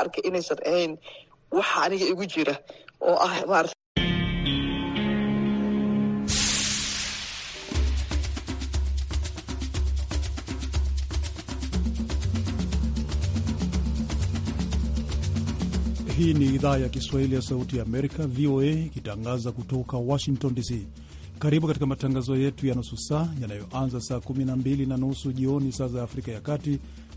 arka inaysan ahayn waxa aniga igu jira oo ah maarata Hii ni idhaa ya Kiswahili ya Sauti ya Amerika, VOA, ikitangaza kutoka Washington DC. Karibu katika matangazo yetu ya nusu saa yanayoanza saa 12 na nusu jioni saa za Afrika ya Kati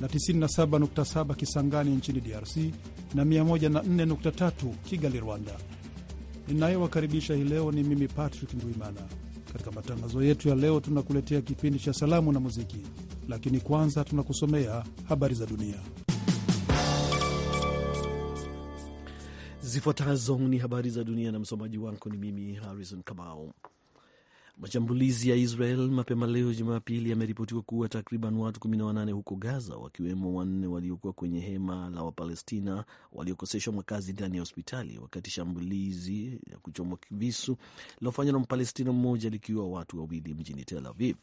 na 97.7 Kisangani nchini DRC na 104.3 Kigali, Rwanda. Ninayowakaribisha hii leo ni mimi Patrick Ndwimana. Katika matangazo yetu ya leo, tunakuletea kipindi cha salamu na muziki, lakini kwanza tunakusomea habari za dunia. Zifuatazo ni habari za dunia, na msomaji wako ni mimi Harrison Kamau. Mashambulizi ya Israel mapema leo Jumapili yameripotiwa kuwa takriban watu 18 huko Gaza, wakiwemo wanne waliokuwa kwenye hema la Wapalestina waliokoseshwa makazi ndani ya hospitali, wakati shambulizi ya kuchomwa kivisu lilofanywa na Mpalestina mmoja likiwa watu wawili mjini Tel Aviv.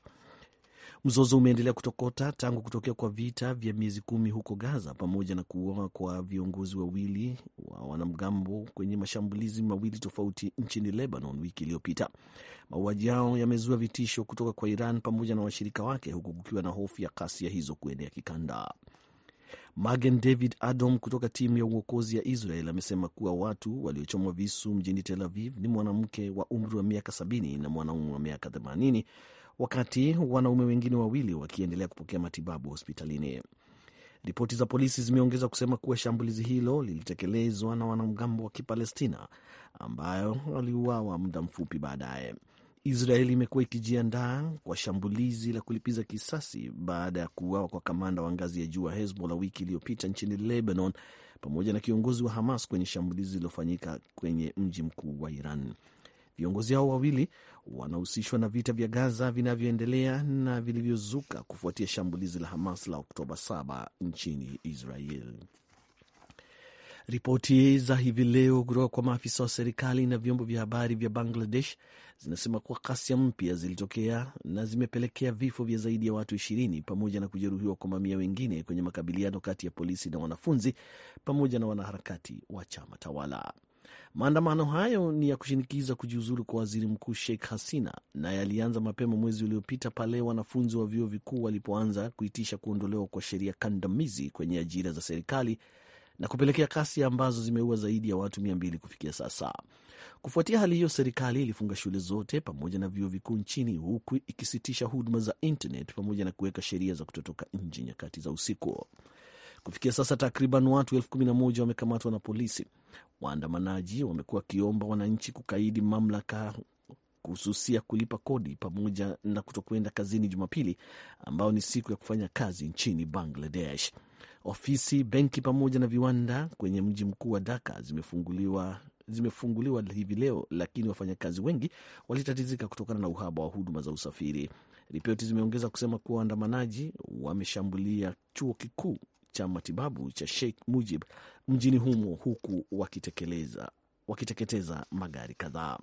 Mzozo umeendelea kutokota tangu kutokea kwa vita vya miezi kumi huko Gaza, pamoja na kuuawa kwa viongozi wawili wa wanamgambo kwenye mashambulizi mawili tofauti nchini Lebanon wiki iliyopita. Mauaji yao yamezua vitisho kutoka kwa Iran pamoja na washirika wake, huku kukiwa na hofu ya ghasia hizo kuenea kikanda. Magen David Adom kutoka timu ya uokozi ya Israel amesema kuwa watu waliochomwa visu mjini Tel Aviv ni mwanamke wa umri wa miaka sabini na mwanaume wa miaka themanini wakati wanaume wengine wawili wakiendelea kupokea matibabu hospitalini. Ripoti za polisi zimeongeza kusema kuwa shambulizi hilo lilitekelezwa na wanamgambo wa Kipalestina ambayo waliuawa muda mfupi baadaye. Israeli imekuwa ikijiandaa kwa shambulizi la kulipiza kisasi baada ya kuuawa kwa kamanda wa ngazi ya juu wa Hezbollah wiki iliyopita nchini Lebanon, pamoja na kiongozi wa Hamas kwenye shambulizi lililofanyika kwenye mji mkuu wa Iran. Viongozi hao wawili wanahusishwa na vita vya Gaza vinavyoendelea na vilivyozuka kufuatia shambulizi la Hamas la Oktoba 7 nchini Israel. Ripoti za hivi leo kutoka kwa maafisa wa serikali na vyombo vya habari vya Bangladesh zinasema kuwa ghasia mpya zilitokea na zimepelekea vifo vya zaidi ya watu ishirini pamoja na kujeruhiwa kwa mamia wengine kwenye makabiliano kati ya polisi na wanafunzi pamoja na wanaharakati wa chama tawala. Maandamano hayo ni ya kushinikiza kujiuzulu kwa waziri mkuu Sheikh Hasina na yalianza mapema mwezi uliopita pale wanafunzi wa vyuo vikuu walipoanza kuitisha kuondolewa kwa sheria kandamizi kwenye ajira za serikali na kupelekea kasi ambazo zimeua zaidi ya watu mia mbili kufikia sasa. Kufuatia hali hiyo, serikali ilifunga shule zote pamoja na vyuo vikuu nchini huku ikisitisha huduma za internet pamoja na kuweka sheria za kutotoka nje nyakati za usiku. Kufikia sasa takriban watu elfu kumi na moja wamekamatwa na polisi waandamanaji wamekuwa wakiomba wananchi kukaidi mamlaka kuhususia kulipa kodi pamoja na kutokwenda kazini Jumapili, ambao ni siku ya kufanya kazi nchini Bangladesh. Ofisi, benki pamoja na viwanda kwenye mji mkuu wa Dhaka zimefunguliwa zimefunguliwa hivi leo, lakini wafanyakazi wengi walitatizika kutokana na uhaba wa huduma za usafiri. Ripoti zimeongeza kusema kuwa waandamanaji wameshambulia chuo kikuu cha matibabu cha Sheikh Mujib mjini humo huku wakitekeleza wakiteketeza magari kadhaa.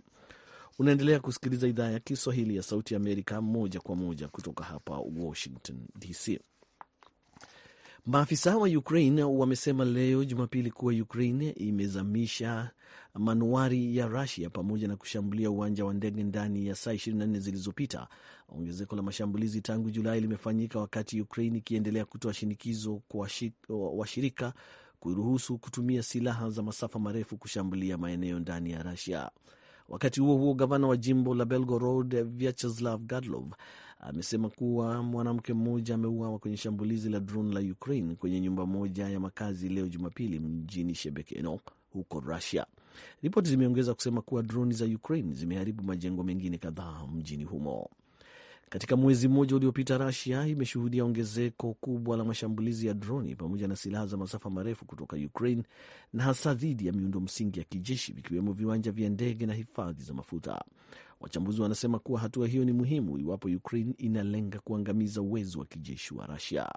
Unaendelea kusikiliza idhaa ya Kiswahili ya Sauti ya Amerika moja kwa moja kutoka hapa Washington DC. Maafisa wa Ukraine wamesema leo Jumapili kuwa Ukraine imezamisha manuari ya Rusia pamoja na kushambulia uwanja wa ndege ndani ya saa 24 zilizopita. Ongezeko la mashambulizi tangu Julai limefanyika wakati Ukraine ikiendelea kutoa shinikizo kwa washirika kuruhusu kutumia silaha za masafa marefu kushambulia maeneo ndani ya Rusia. Wakati huo huo, gavana wa jimbo la Belgorod Vyacheslav Gadlov amesema kuwa mwanamke mmoja ameuawa kwenye shambulizi la drone la Ukraine kwenye nyumba moja ya makazi leo Jumapili mjini Shebekeno huko Russia. Ripoti zimeongeza kusema kuwa droni za Ukraine zimeharibu majengo mengine kadhaa mjini humo. Katika mwezi mmoja uliopita, rasia imeshuhudia ongezeko kubwa la mashambulizi ya droni pamoja na silaha za masafa marefu kutoka Ukraine na hasa dhidi ya miundo msingi ya kijeshi vikiwemo viwanja vya ndege na hifadhi za mafuta. Wachambuzi wanasema kuwa hatua hiyo ni muhimu iwapo Ukraine inalenga kuangamiza uwezo wa kijeshi wa rasia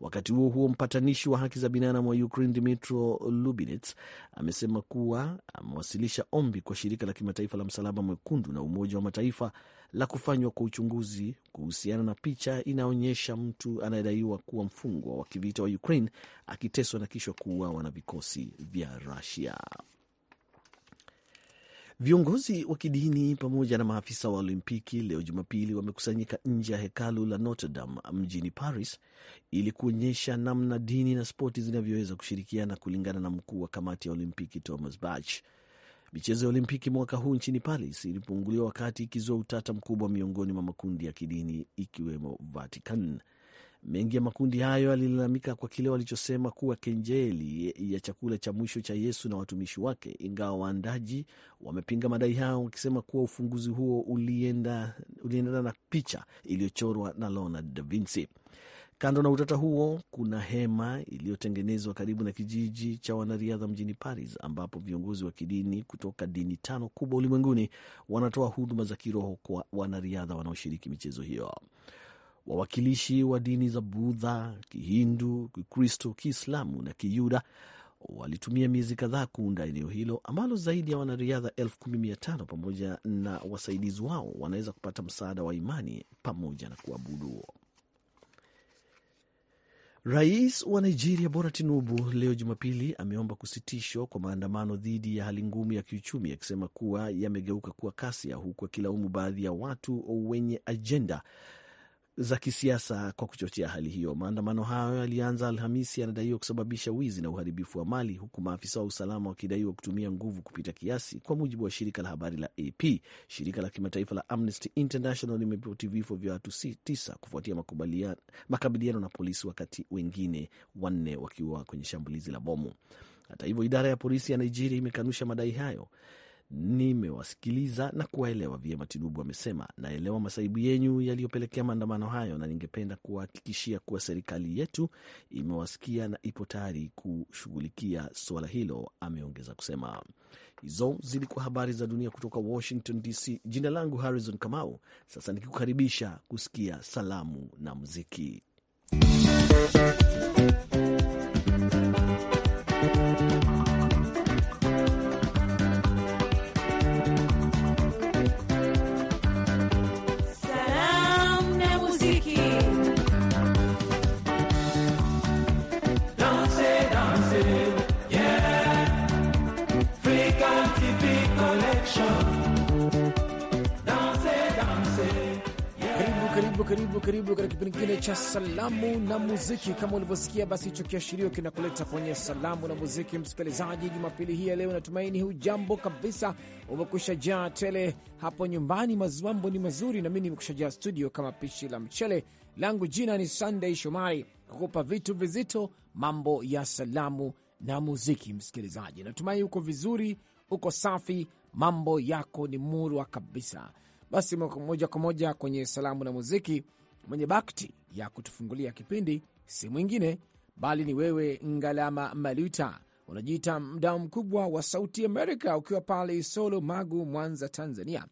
Wakati huo huo, mpatanishi wa haki za binadamu wa Ukraine Dmytro Lubinets amesema kuwa amewasilisha ombi kwa shirika la kimataifa la msalaba mwekundu na Umoja wa Mataifa la kufanywa kwa uchunguzi kuhusiana na picha inaonyesha mtu anayedaiwa kuwa mfungwa wa kivita wa Ukraine akiteswa na kisha kuuawa na vikosi vya Rusia. Viongozi wa kidini pamoja na maafisa wa Olimpiki leo Jumapili wamekusanyika nje ya hekalu la Notre Dame mjini Paris ili kuonyesha namna dini na spoti zinavyoweza kushirikiana, kulingana na mkuu wa kamati ya Olimpiki Thomas Bach. Michezo ya Olimpiki mwaka huu nchini Paris ilipunguliwa wakati ikizua utata mkubwa miongoni mwa makundi ya kidini ikiwemo Vatican. Mengi ya makundi hayo yalilalamika kwa kile walichosema kuwa kenjeli ya chakula cha mwisho cha Yesu na watumishi wake, ingawa waandaji wamepinga madai hayo wakisema kuwa ufunguzi huo uliendana ulienda na picha iliyochorwa na Leonardo da Vinci. Kando na utata huo, kuna hema iliyotengenezwa karibu na kijiji cha wanariadha mjini Paris, ambapo viongozi wa kidini kutoka dini tano kubwa ulimwenguni wanatoa huduma za kiroho kwa wanariadha wanaoshiriki michezo hiyo. Wawakilishi wa dini za Budha, Kihindu, Kikristo, Kiislamu na Kiyuda walitumia miezi kadhaa kuunda eneo hilo ambalo zaidi ya wanariadha elfu kumi mia tano pamoja na wasaidizi wao wanaweza kupata msaada wa imani pamoja na kuabudu. Rais wa Nigeria Bola Tinubu leo Jumapili ameomba kusitishwa kwa maandamano dhidi ya hali ngumu ya kiuchumi, akisema kuwa yamegeuka kuwa kasia huku akilaumu baadhi ya watu wenye ajenda za kisiasa kwa kuchochea hali hiyo. Maandamano hayo yalianza Alhamisi, yanadaiwa kusababisha wizi na uharibifu wa mali, huku maafisa wa usalama wakidaiwa kutumia nguvu kupita kiasi, kwa mujibu wa shirika la habari la AP. Shirika la kimataifa la Amnesty International limeripoti vifo vya watu tisa kufuatia makabiliano na polisi, wakati wengine wanne wakiwa kwenye shambulizi la bomu. Hata hivyo, idara ya polisi ya Nigeria imekanusha madai hayo. Nimewasikiliza na kuwaelewa vyema, Tinubu amesema. Naelewa masaibu yenyu yaliyopelekea maandamano hayo, na ningependa kuwahakikishia kuwa serikali yetu imewasikia na ipo tayari kushughulikia suala hilo, ameongeza kusema. Hizo zilikuwa habari za dunia kutoka Washington DC. Jina langu Harrison Kamau, sasa nikikukaribisha kusikia salamu na muziki karibu karibu katika kipindi kingine cha salamu na muziki. Kama ulivyosikia, basi hicho kiashirio kinakuleta kwenye salamu na muziki. Msikilizaji, jumapili hii ya leo, natumaini hujambo kabisa, umekusha jaa tele hapo nyumbani, mambo ni mazuri, mi nimekusha jaa studio kama pishi la mchele langu. Jina ni Sunday Shomari, kukupa vitu vizito, mambo ya salamu na muziki. Msikilizaji, natumai uko vizuri, uko safi, mambo yako ni murwa kabisa. Basi moja kwa moja kwenye salamu na muziki. Mwenye bakti ya kutufungulia kipindi si mwingine bali ni wewe Ngalama Maluta, unajiita mdao mkubwa wa Sauti Amerika, ukiwa pale Isolo, Magu, Mwanza, Tanzania.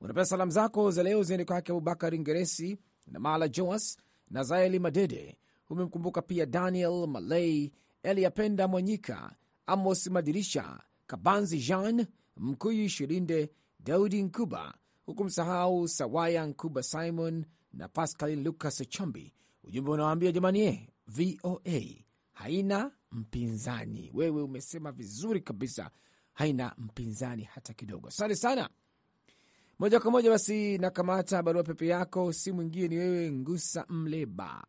Unapea salamu zako za leo ziende kwake Abubakar Ngeresi na Mala Joas na Zaeli Madede. Umemkumbuka pia Daniel Malay, Eliapenda Mwanyika, Amos Madirisha, Kabanzi Jean Mkuyi, Shirinde Daudi Nkuba huku msahau Sawaya Nkuba Simon na Pascal Lucas Echombi. Ujumbe unawaambia jamani, ye eh, VOA haina mpinzani. Wewe umesema vizuri kabisa, haina mpinzani hata kidogo. Asante sana. Moja kwa moja basi nakamata barua pepe yako, si mwingine ni wewe Ngusa Mleba.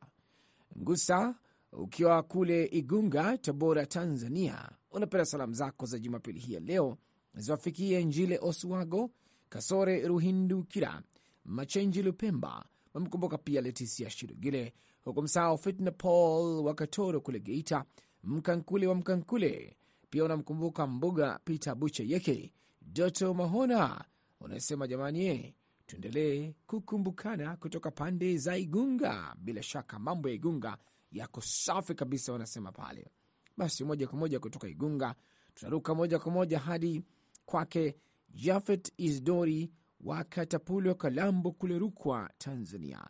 Ngusa, ukiwa kule Igunga, Tabora, Tanzania, unapenda salamu zako za Jumapili hii ya leo ziwafikie Njile Oswago, Kasore Ruhindukira, Machenji Lupemba wamemkumbuka pia Leticia Shirugile, huku msahau Fitna Paul wa Katoro kule Geita, Mkankule wa Mkankule pia unamkumbuka Mbuga Peter Buche Yeke, Doto Mahona. Unasema jamani, eh, tuendelee kukumbukana kutoka pande za Igunga. Bila shaka mambo ya Igunga yako safi kabisa, wanasema pale. Basi moja kwa moja kutoka Igunga tunaruka moja kwa moja hadi kwake Jafet Isdori wa Katapulo, Kalambo kule Rukwa, Tanzania.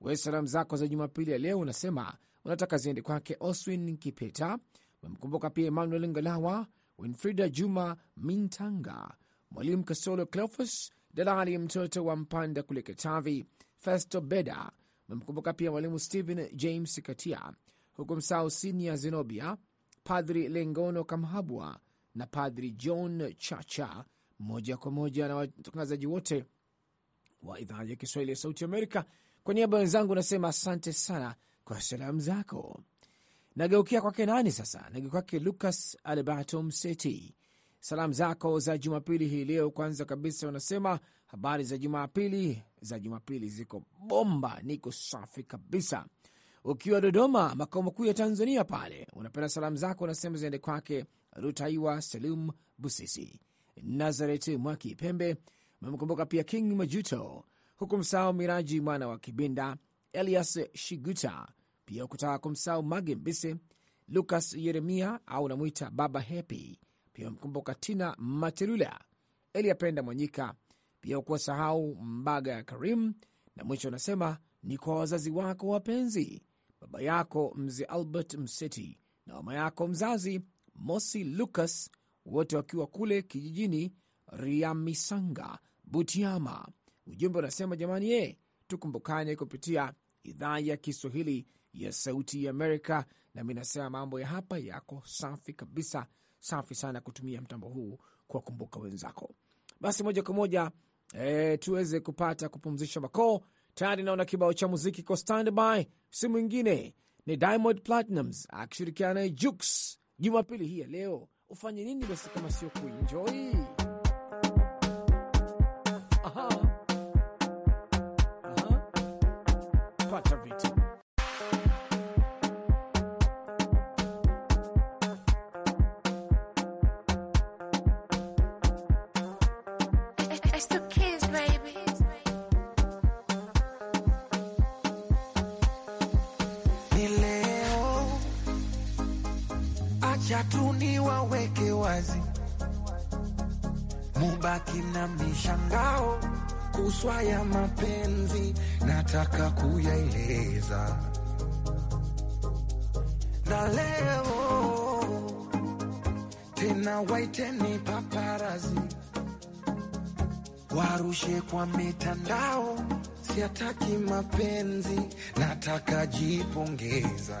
we salamu zako za Jumapili ya leo unasema unataka ziende kwake Oswin Kipeta, umemkumbuka pia Emmanuel Ngalawa, Winfrida Juma Mintanga, Mwalimu Kasolo Cleofas, dalali mtoto wa Mpanda kule Katavi, Festo Beda, umemkumbuka pia Mwalimu Stephen James Katia, huku msao Sinia Zenobia, Padri Lengono Kamhabwa na Padri John Chacha moja kwa moja na watangazaji wote wa idhaa ya Kiswahili ya Sauti Amerika. Kwa niaba wenzangu nasema asante sana kwa salamu zako. Nageukia kwake nani sasa? Nage kwake Lucas Alberto Mseti. Salamu zako za Jumapili hii leo, kwanza kabisa unasema habari za Jumapili. Za Jumapili ziko bomba, niko safi kabisa. Ukiwa Dodoma, makao makuu ya Tanzania pale, unapenda salamu zako unasema ziende kwake Rutaiwa Selum Busisi, Nazaret Mwaki Pembe. Memkumbuka pia King Majuto, huku msao Miraji mwana wa Kibinda, Elias Shiguta, pia hukutaka kumsao Mage Mbise, Lukas Yeremia au namwita Baba Hepi. Pia mkumbuka Tina Materula, Eliapenda Mwanyika, pia sahau Mbaga ya Karim, na mwisho anasema ni kwa wazazi wako wapenzi, baba yako mzee Albert Mseti na mama yako mzazi Mosi Lucas wote wakiwa kule kijijini Riamisanga, Butiama. Ujumbe unasema jamani, ye eh, tukumbukane kupitia idhaa ya Kiswahili ya Sauti ya Amerika. Nami nasema mambo ya hapa yako safi kabisa, safi sana kutumia mtambo huu kuwakumbuka wenzako. Basi moja kwa moja e, tuweze kupata kupumzisha makoo. Tayari naona kibao cha muziki kwa standby, si mwingine ni Diamond Platnumz akishirikiana na Jux. Jumapili hii ya leo ufanye nini basi kama sio kuenjoy? Aha. Aha. Pata vitu I, I, I watu ni waweke wazi, mubaki na mishangao kuswa ya mapenzi, nataka kuyaeleza na leo tena, waiteni paparazi warushe kwa mitandao, siataki mapenzi, nataka jipongeza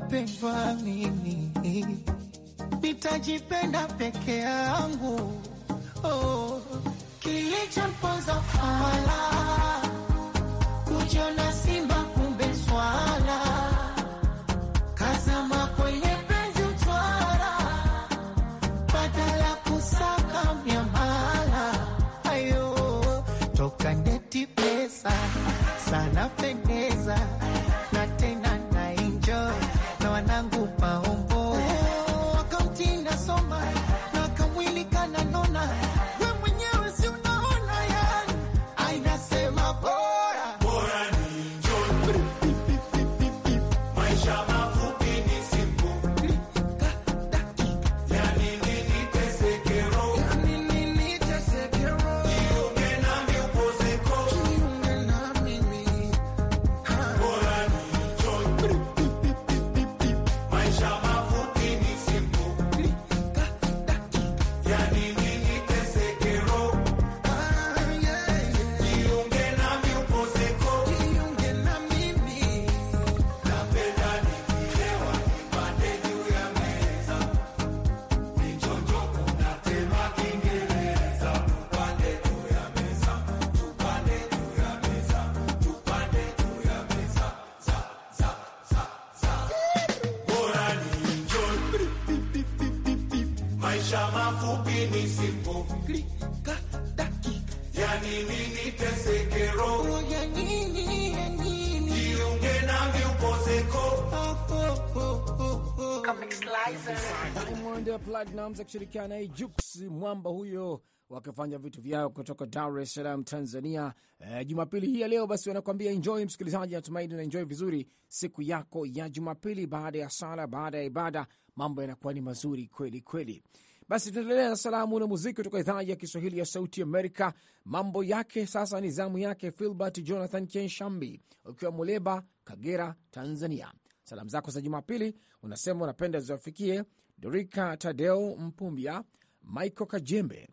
kupendwa mimi, nitajipenda peke yangu. Oh, kilichoponza fala kujiona Platnumz akishirikiana naye Jux Mwamba huyo wakifanya vitu vyao kutoka Dar es Salaam, Tanzania. Uh, Jumapili hii ya leo basi wanakuambia enjoy, msikilizaji, natumaini na enjoy vizuri siku yako ya Jumapili. Baada ya sala, baada ya ibada, mambo yanakuwa ni mazuri kweli kweli. Basi tunaendelea na salamu na muziki kutoka idhaa ya Kiswahili ya Sauti Amerika. Mambo yake sasa ni zamu yake Filbert Jonathan Kenshambi, ukiwa Muleba, Kagera, Tanzania. Salamu zako za Jumapili unasema unapenda ziwafikie Dorika Tadeo Mpumbya, Michael Kajembe,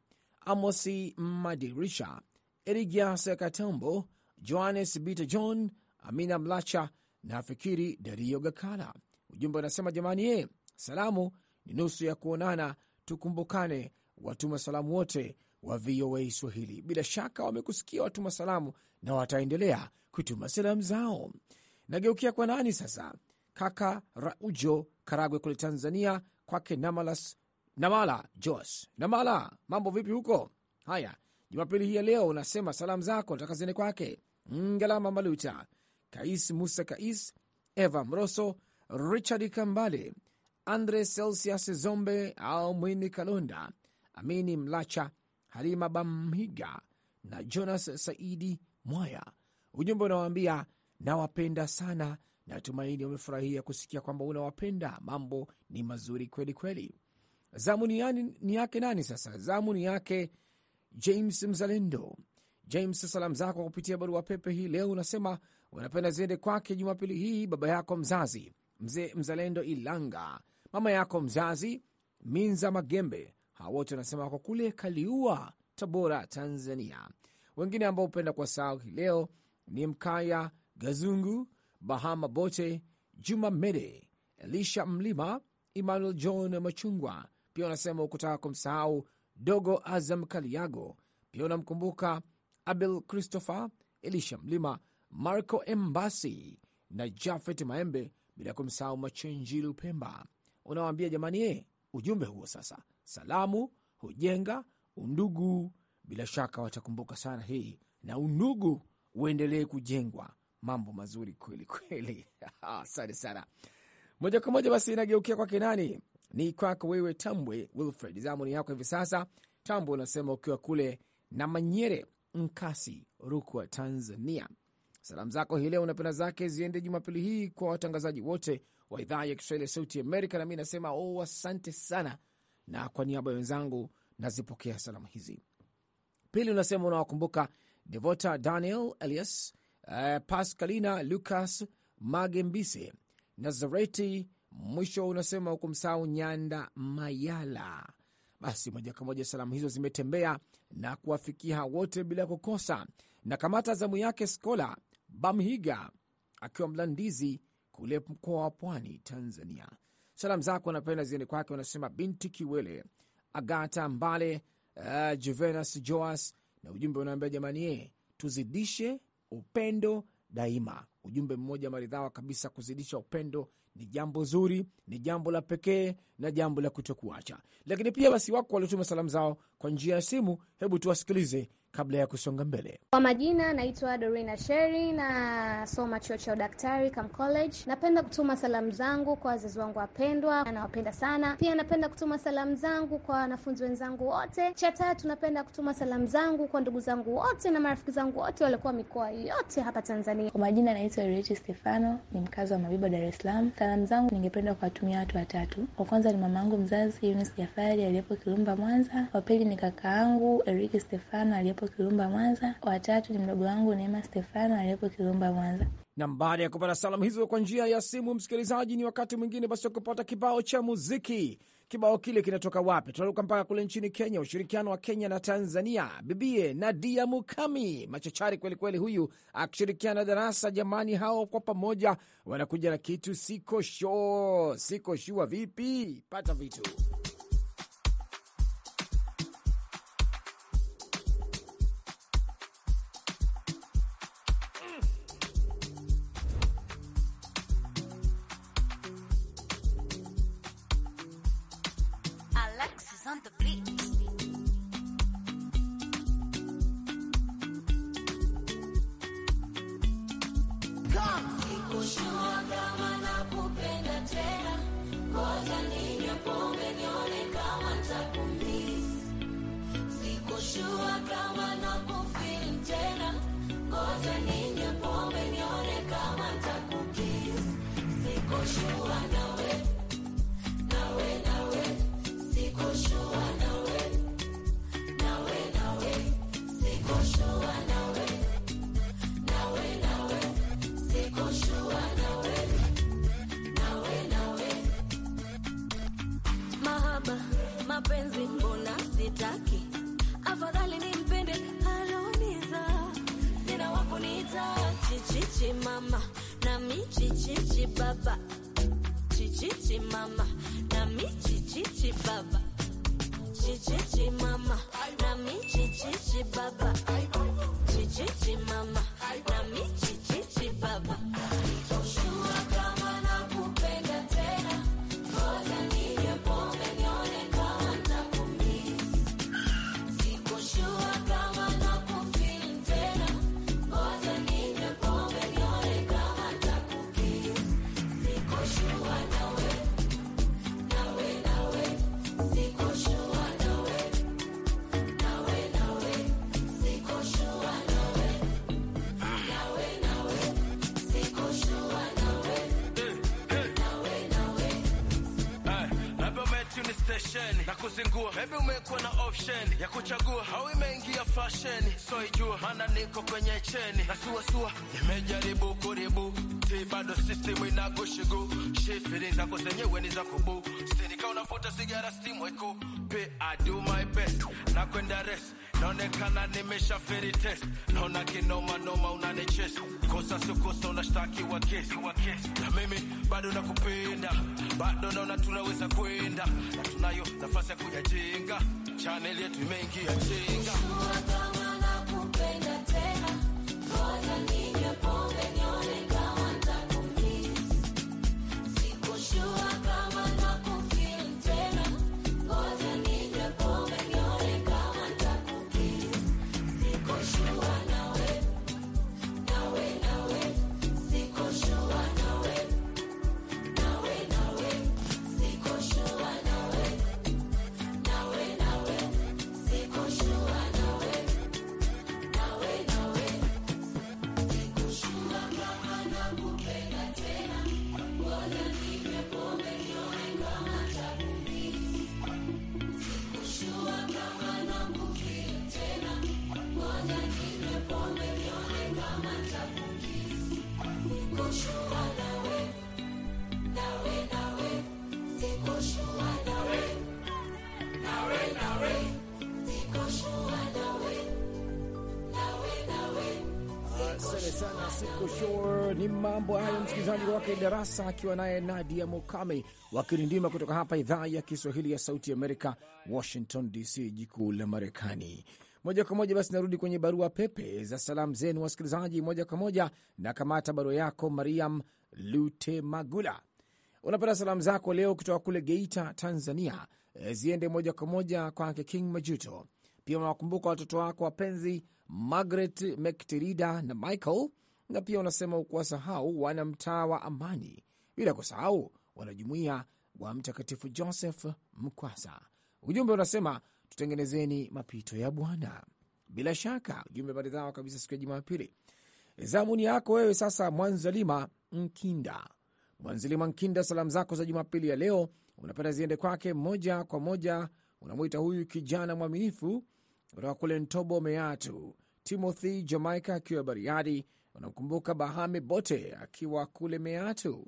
Amosi Madirisha, Erigias Katambo, Johannes Bita, John Amina Mlacha na Fikiri Dario Gakala. Ujumbe unasema jamani, ye eh, salamu ni nusu ya kuonana, tukumbukane. Watuma salamu wote wa VOA Swahili bila shaka wamekusikia watuma salamu na wataendelea kutuma salamu zao. Nageukia kwa nani sasa? Kaka Raujo Karagwe kule Tanzania kwake Namalas Namala Jos Namala, mambo vipi huko? Haya, Jumapili hii ya leo unasema salamu zako nataka ziende kwake Ngalama Maluta, Kais Musa, Kais Eva Mroso, Richard Kambale, Andre Celsius Zombe au Mwini Kalonda, Amini Mlacha, Halima Bamhiga na Jonas Saidi Mwaya. Ujumbe unawaambia nawapenda sana Natumaini wamefurahia kusikia kwamba unawapenda. Mambo ni mazuri kweli kweli. Zamu ni, yani, ni yake nani sasa? Zamu ni yake James Mzalendo. James, salamu zako kupitia barua pepe hii leo unasema unapenda ziende kwake Jumapili hii baba yako mzazi mzee Mzalendo Ilanga, mama yako mzazi Minza Magembe, hawa wote wanasema wako kule Kaliua, Tabora, Tanzania. Wengine ambao hupenda kwa sahau hii leo ni Mkaya Gazungu Bahama Bote, Juma Mede, Elisha Mlima, Emmanuel John Machungwa. Pia unasema ukutaka kumsahau Dogo Azam Kaliago, pia unamkumbuka Abel Christopher, Elisha Mlima, Marco Embasi na Jafet Maembe, bila kumsahau Machenji Lupemba. Unawaambia jamani, ye eh, ujumbe huo sasa, salamu hujenga undugu. Bila shaka watakumbuka sana hii, na undugu uendelee kujengwa Mambo mazuri kweli kweli. Ah, asante sana. Moja kwa moja basi inageukia kwake nani, ni kwako wewe Tambwe Wilfred, ni yako hivi sasa. Tambwe, unasema ukiwa kule na Manyere Nkasi, Rukwa, Tanzania, salamu zako hii leo unapenda zake ziende Jumapili hii kwa watangazaji wote wa idhaa ya Kiswahili ya Sauti Amerika, nami nasema oh, asante sana, na kwa niaba ya wenzangu nazipokea salamu hizi. Pili, unasema unawakumbuka Devota Daniel Elias uh, Pascalina Lucas Magembise Nazareti. Mwisho unasema hukumsahau Nyanda Mayala. Basi moja kwa moja salamu hizo zimetembea na kuwafikia wote bila kukosa. Na kamata zamu yake Skola Bamhiga akiwa Mlandizi kule mkoa wa Pwani, Tanzania. Salamu zako anapenda ziende kwake, unasema Binti Kiwele, Agata Mbale, uh, eh, Juvenas Joas, na ujumbe unaambia jamani, ye eh, tuzidishe upendo daima. Ujumbe mmoja maridhawa kabisa, kuzidisha upendo ni jambo zuri, ni jambo la pekee na jambo la kutokuacha. Lakini pia basi, wako waliotuma salamu zao kwa njia ya simu, hebu tuwasikilize kabla ya kusonga mbele. Kwa majina naitwa Dorina Sheri, nasoma chuo cha udaktari Cam College. Napenda kutuma salamu zangu kwa wazazi wangu wapendwa, anawapenda sana. Pia napenda kutuma salamu zangu kwa wanafunzi wenzangu wote. Cha tatu, napenda kutuma salamu zangu kwa ndugu zangu wote na marafiki zangu wote waliokuwa mikoa yote hapa Tanzania. Kwa majina naitwa Ireti Stefano, ni mkazi wa Mabibo, Dar es Salaam. Salamu zangu ningependa kuwatumia watu watatu. Wa kwanza ni mamangu mzazi Yunis Jafari aliyepo Kilumba, Mwanza. Wa pili ni angu Eriki Stefano aliyepo Kirumba Mwanza, watatu ni mdogo wangu Neema Stefano aliyepo Kirumba Mwanza. Na baada ya kupata salamu hizo kwa njia ya simu, msikilizaji, ni wakati mwingine basi wa kupata kibao cha muziki. Kibao kile kinatoka wapi? Tunaruka mpaka kule nchini Kenya, ushirikiano wa Kenya na Tanzania, bibie Nadia Mukami, machachari kwelikweli, huyu akishirikiana Darasa. Jamani, hao kwa pamoja wanakuja na kitu sikoshoo sikoshua Vipi pata vitu fasheni soijua, mana niko kwenye cheni na suasua, nimejaribu kuribu ti bado sistimu inagushigu shifiri zako zenyewe ni za kubu sinika unafuta sigara stimweku pe I do my best na kwenda rest naonekana nimesha feri test, naona kinoma noma, unanichesa kosa sikosa, unashtakiwa kesi na mimi bado nakupenda, bado naona tunaweza kwenda na tunayo nafasi ya kujajenga, chaneli yetu imeingia chenga siku Show. Ni mambo hayo, msikilizaji wake darasa akiwa naye Nadia Mokame wakirindima kutoka hapa idhaa ya Kiswahili ya Sauti Amerika, Washington DC, jikuu la Marekani. Moja kwa moja basi narudi kwenye barua pepe za salamu zenu wasikilizaji, moja kwa moja na kamata barua yako. Mariam Lute Magula unapata salamu zako leo kutoka kule Geita, Tanzania, eh, ziende moja kwa moja kwake King Majuto. Pia unawakumbuka watoto wako wapenzi Margaret Mctirida na Michael na pia unasema ukuwasahau wana mtaa wa Amani, bila kusahau wanajumuiya wa Mtakatifu Joseph Mkwasa. Ujumbe unasema tutengenezeni mapito ya Bwana. Bila shaka ujumbe maridhawa kabisa siku ya Jumapili. Zamuni yako wewe sasa, Mwanzalima Nkinda. Mwanzalima Nkinda, salamu zako za Jumapili ya leo unapenda ziende kwake moja kwa moja, unamwita huyu kijana mwaminifu kutoka kule Ntobo Meatu, Timothy Jamaica akiwa Bariadi, Unamkumbuka Bahame Bote akiwa kule Meatu.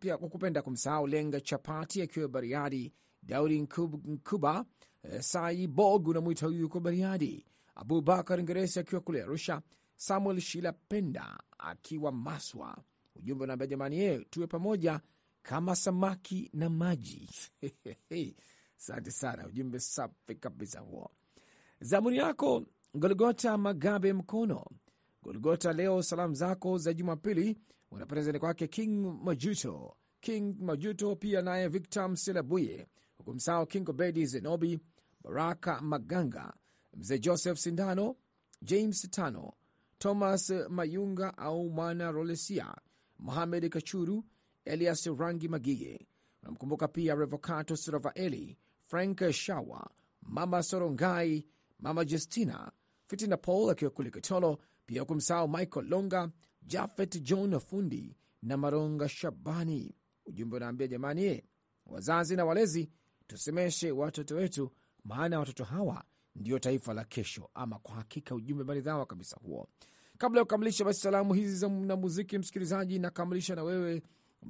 Pia kupenda kumsahau Lenga Chapati akiwa Bariadi, Daudi Nkuba eh, Sai Bog unamwita huyu yuko Bariadi, Abubakar Ngeresi akiwa kule Arusha, Samuel Shilapenda akiwa Maswa. Ujumbe unaambia jamani, ye eh, tuwe pamoja kama samaki na maji. Asante sana, ujumbe safi kabisa huo. Zamuni yako Golgota Magabe Mkono Golgota leo salamu zako za Jumapili unapatezani kwake King Majuto, King Majuto pia naye Victor Msilabuye, huku msao King Obedi Zenobi, Baraka Maganga, mzee Joseph Sindano, James Tano, Thomas Mayunga au mwana Rolesia, muhamed Kachuru, Elias Rangi Magige. Unamkumbuka pia Revocato Sravaeli, Frank Shawa, mama Sorongai, mama Justina Fitina Paul akiwa kule Kitolo pia kumsahau Michael Longa, Jafet John Fundi na Maronga Shabani. Ujumbe unaambia jamani, ye wazazi na walezi, tusemeshe watoto wetu, maana watoto hawa ndio taifa la kesho. Ama kwa hakika ujumbe maridhawa kabisa huo. Kabla ya kukamilisha basi salamu hizi na muziki, msikilizaji, nakamilisha na wewe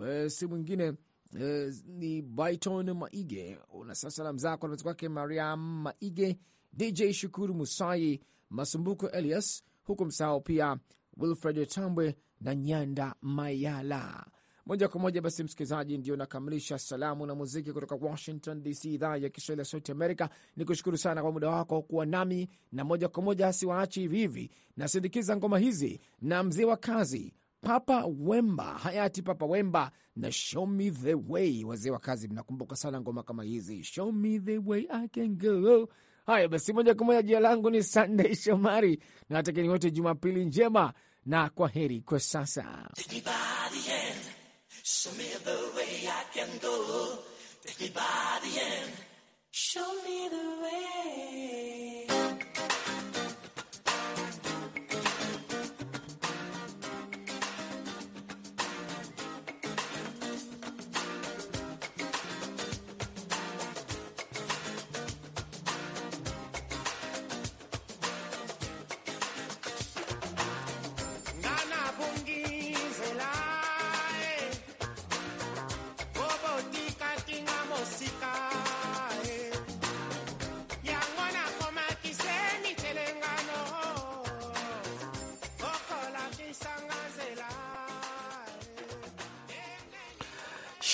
e, si mwingine e, ni Byton Maige. Unasema salamu zako na kwake Mariam Maige, DJ Shukuru Musai, Masumbuko Elias huku msahau pia Wilfred Tambwe na Nyanda Mayala. Moja kwa moja basi, msikilizaji, ndio nakamilisha salamu na muziki kutoka Washington DC, idhaa ya Kiswahili ya Sauti Amerika. Ni kushukuru sana kwa muda wako kuwa nami, na moja kwa moja siwaachi hivi hivi, nasindikiza ngoma hizi na mzee wa kazi Papa Wemba, hayati Papa Wemba na show me the way. Wazee wa kazi, mnakumbuka sana ngoma kama hizi, show me the way I can go Haya basi, moja kwa moja, jina langu ni Sunday Shomari na watakeni wote Jumapili njema na kwa heri kwa sasa.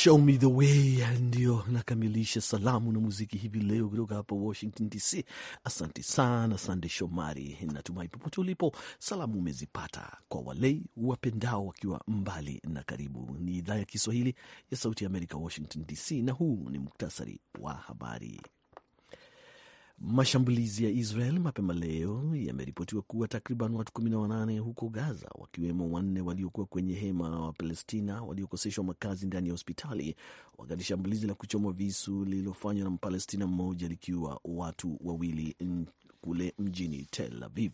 Show me the way. Yaani ndio nakamilisha salamu na muziki hivi leo kutoka hapa Washington DC. Asante sana Sande Shomari, natumai popote ulipo salamu umezipata kwa wale wapendao wakiwa mbali na karibu. Ni idhaa ya Kiswahili ya Sauti ya Amerika, Washington DC, na huu ni muktasari wa habari. Mashambulizi ya Israel mapema leo yameripotiwa kuwa takriban watu 18 huko Gaza, wakiwemo wanne waliokuwa kwenye hema wa Palestina waliokoseshwa makazi ndani ya hospitali, wakati shambulizi la kuchomwa visu lililofanywa na Mpalestina mmoja likiwa watu wawili kule mjini Tel Aviv.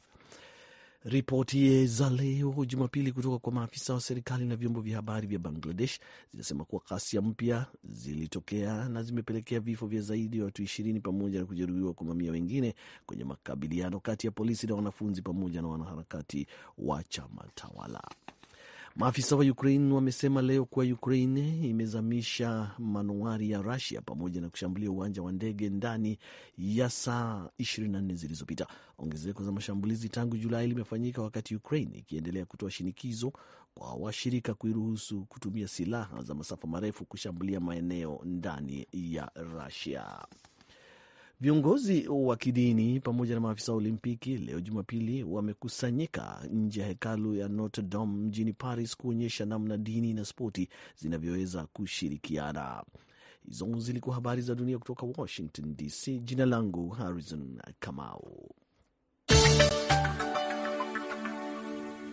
Ripoti za leo Jumapili kutoka kwa maafisa wa serikali na vyombo vya habari vya Bangladesh zinasema kuwa ghasia mpya zilitokea na zimepelekea vifo vya zaidi ya watu ishirini pamoja na kujeruhiwa kwa mamia wengine kwenye makabiliano kati ya polisi na wanafunzi pamoja na wanaharakati wa chama tawala. Maafisa wa Ukraine wamesema leo kuwa Ukraine imezamisha manuari ya Rusia pamoja na kushambulia uwanja wa ndege ndani ya saa 24 zilizopita. Ongezeko za mashambulizi tangu Julai limefanyika wakati Ukraine ikiendelea kutoa shinikizo kwa washirika kuiruhusu kutumia silaha za masafa marefu kushambulia maeneo ndani ya Rusia. Viongozi wa kidini pamoja na maafisa wa Olimpiki leo Jumapili wamekusanyika nje ya hekalu ya Notre Dame mjini Paris kuonyesha namna dini na spoti zinavyoweza kushirikiana. Hizo zilikuwa habari za dunia kutoka Washington DC. Jina langu Harrison Kamau,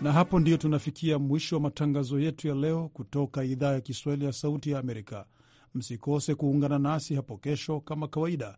na hapo ndiyo tunafikia mwisho wa matangazo yetu ya leo kutoka idhaa ya Kiswahili ya Sauti ya Amerika. Msikose kuungana nasi hapo kesho kama kawaida